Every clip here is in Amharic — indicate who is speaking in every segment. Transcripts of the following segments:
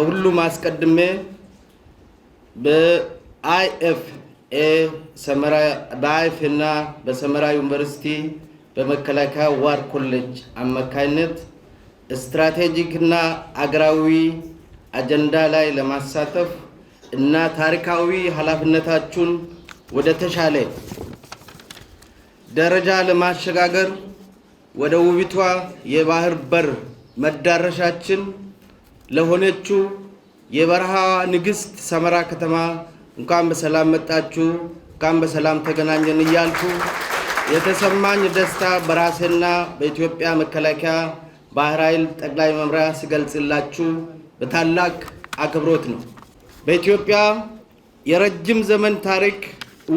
Speaker 1: ከሁሉም አስቀድሜ በአይኤፍኤ በአይፍ እና በሰመራ ዩኒቨርሲቲ በመከላከያ ዋር ኮሌጅ አማካኝነት ስትራቴጂክ እና አገራዊ አጀንዳ ላይ ለማሳተፍ እና ታሪካዊ ኃላፊነታችሁን ወደ ተሻለ ደረጃ ለማሸጋገር ወደ ውቢቷ የባህር በር መዳረሻችን ለሆነችው የበረሃ ንግሥት ሰመራ ከተማ እንኳን በሰላም መጣችሁ፣ እንኳን በሰላም ተገናኘን እያልኩ የተሰማኝ ደስታ በራሴና በኢትዮጵያ መከላከያ ባህር ኃይል ጠቅላይ መምሪያ ስገልጽላችሁ በታላቅ አክብሮት ነው። በኢትዮጵያ የረጅም ዘመን ታሪክ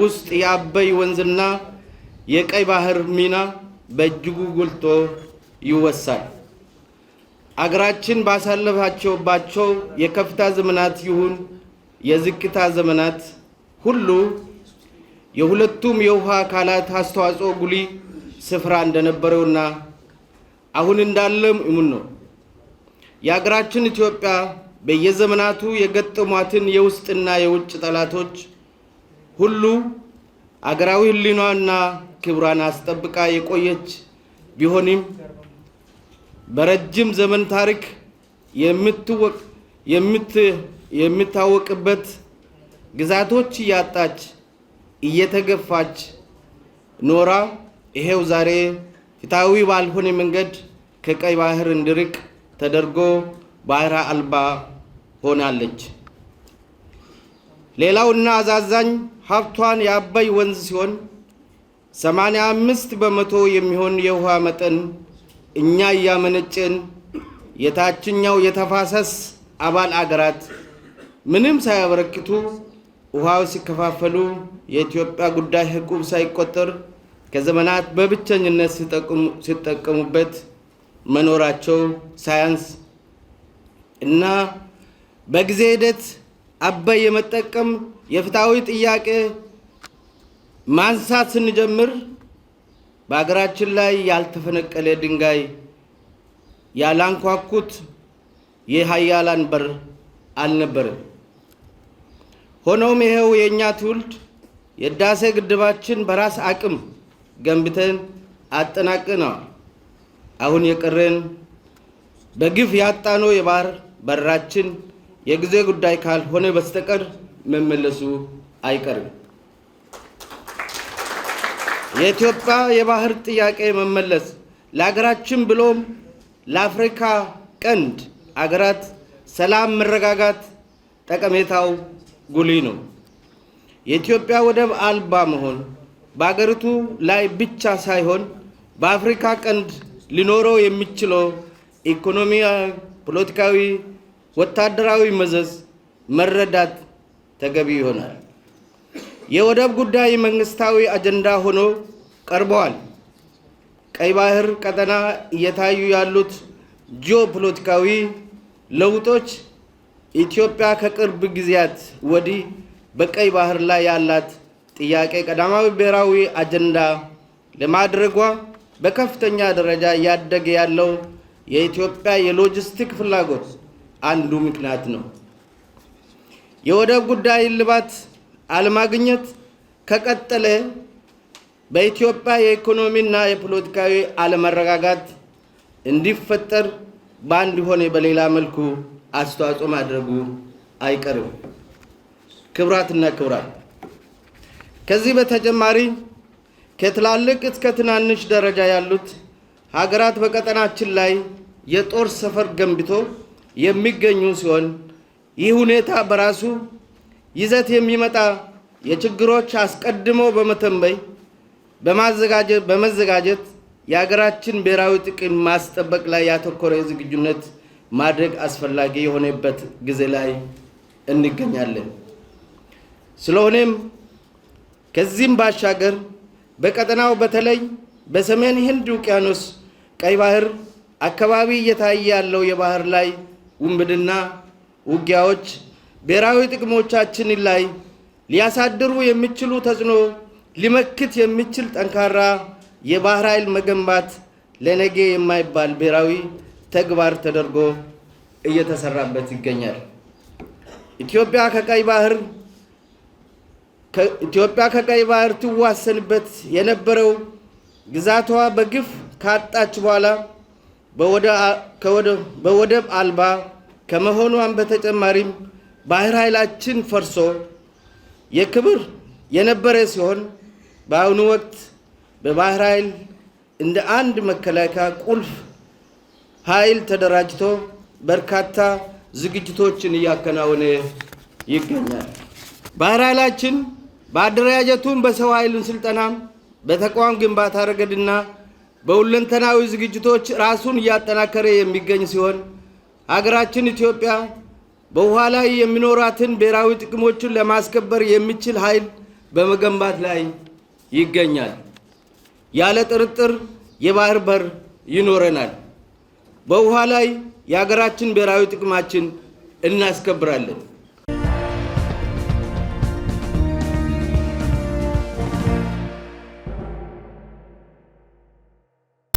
Speaker 1: ውስጥ የአበይ ወንዝና የቀይ ባህር ሚና በእጅጉ ጎልቶ ይወሳል። አገራችን ባሳለፋቸውባቸው የከፍታ ዘመናት ይሁን የዝቅታ ዘመናት ሁሉ የሁለቱም የውሃ አካላት አስተዋጽኦ ጉሊ ስፍራ እንደነበረውና አሁን እንዳለም እሙን ነው። የአገራችን ኢትዮጵያ በየዘመናቱ የገጠሟትን የውስጥና የውጭ ጠላቶች ሁሉ አገራዊ ሕሊናዋና ክብሯን አስጠብቃ የቆየች ቢሆንም በረጅም ዘመን ታሪክ የምታወቅበት ግዛቶች እያጣች እየተገፋች ኖራ ይሄው ዛሬ ፍትሐዊ ባልሆነ መንገድ ከቀይ ባህር እንዲርቅ ተደርጎ ባህር አልባ ሆናለች። ሌላውና አዛዛኝ ሀብቷን የአባይ ወንዝ ሲሆን 85 በመቶ የሚሆን የውሃ መጠን እኛ እያመነጭን የታችኛው የተፋሰስ አባል አገራት ምንም ሳያበረክቱ ውሃው ሲከፋፈሉ የኢትዮጵያ ጉዳይ ህቁብ ሳይቆጠር ከዘመናት በብቸኝነት ሲጠቀሙበት መኖራቸው ሳያንስ እና በጊዜ ሂደት አባይ የመጠቀም የፍትሐዊ ጥያቄ ማንሳት ስንጀምር በሀገራችን ላይ ያልተፈነቀለ ድንጋይ ያላንኳኩት የሀያላን በር አልነበርም። ሆኖም ይኸው የእኛ ትውልድ የህዳሴ ግድባችን በራስ አቅም ገንብተን አጠናቅነዋል። አሁን የቀረን በግፍ ያጣነው የባህር በራችን የጊዜ ጉዳይ ካልሆነ በስተቀር መመለሱ አይቀርም። የኢትዮጵያ የባህር ጥያቄ መመለስ ለሀገራችን ብሎም ለአፍሪካ ቀንድ አገራት ሰላም፣ መረጋጋት ጠቀሜታው ጉሊ ነው። የኢትዮጵያ ወደብ አልባ መሆን በአገሪቱ ላይ ብቻ ሳይሆን በአፍሪካ ቀንድ ሊኖረው የሚችለው ኢኮኖሚያዊ፣ ፖለቲካዊ፣ ወታደራዊ መዘዝ መረዳት ተገቢ ይሆናል። የወደብ ጉዳይ መንግስታዊ አጀንዳ ሆኖ ቀርበዋል። ቀይ ባህር ቀጠና እየታዩ ያሉት ጂኦፖለቲካዊ ለውጦች ኢትዮጵያ ከቅርብ ጊዜያት ወዲህ በቀይ ባህር ላይ ያላት ጥያቄ ቀዳማዊ ብሔራዊ አጀንዳ ለማድረጓ በከፍተኛ ደረጃ እያደገ ያለው የኢትዮጵያ የሎጂስቲክ ፍላጎት አንዱ ምክንያት ነው። የወደብ ጉዳይ እልባት አለማግኘት ከቀጠለ በኢትዮጵያ የኢኮኖሚና የፖለቲካዊ አለመረጋጋት እንዲፈጠር በአንድ ሆነ በሌላ መልኩ አስተዋጽኦ ማድረጉ አይቀርም። ክብራትና ክብራት ከዚህ በተጨማሪ ከትላልቅ እስከ ትናንሽ ደረጃ ያሉት ሀገራት በቀጠናችን ላይ የጦር ሰፈር ገንብቶ የሚገኙ ሲሆን ይህ ሁኔታ በራሱ ይዘት የሚመጣ የችግሮች አስቀድሞ በመተንበይ በመዘጋጀት የሀገራችን ብሔራዊ ጥቅም ማስጠበቅ ላይ ያተኮረ ዝግጁነት ማድረግ አስፈላጊ የሆነበት ጊዜ ላይ እንገኛለን። ስለሆነም ከዚህም ባሻገር በቀጠናው በተለይ በሰሜን ህንድ ውቅያኖስ ቀይ ባህር አካባቢ እየታየ ያለው የባህር ላይ ውንብድና ውጊያዎች ብሔራዊ ጥቅሞቻችን ላይ ሊያሳድሩ የሚችሉ ተጽዕኖ ሊመክት የሚችል ጠንካራ የባህር ኃይል መገንባት ለነገ የማይባል ብሔራዊ ተግባር ተደርጎ እየተሰራበት ይገኛል። ኢትዮጵያ ከቀይ ባህር ኢትዮጵያ ከቀይ ባህር ትዋሰንበት የነበረው ግዛቷ በግፍ ካጣች በኋላ በወደብ አልባ ከመሆኗን በተጨማሪም ባህር ኃይላችን ፈርሶ የክብር የነበረ ሲሆን በአሁኑ ወቅት በባህር ኃይል እንደ አንድ መከላከያ ቁልፍ ኃይል ተደራጅቶ በርካታ ዝግጅቶችን እያከናወነ ይገኛል። ባህር ኃይላችን በአደረጃጀቱን በሰው ኃይልን ስልጠና፣ በተቋም ግንባታ ረገድና በሁለንተናዊ ዝግጅቶች ራሱን እያጠናከረ የሚገኝ ሲሆን ሀገራችን ኢትዮጵያ በውሃ ላይ የሚኖራትን ብሔራዊ ጥቅሞችን ለማስከበር የሚችል ኃይል በመገንባት ላይ ይገኛል። ያለ ጥርጥር የባህር በር ይኖረናል። በውሃ ላይ የሀገራችን ብሔራዊ ጥቅማችን እናስከብራለን።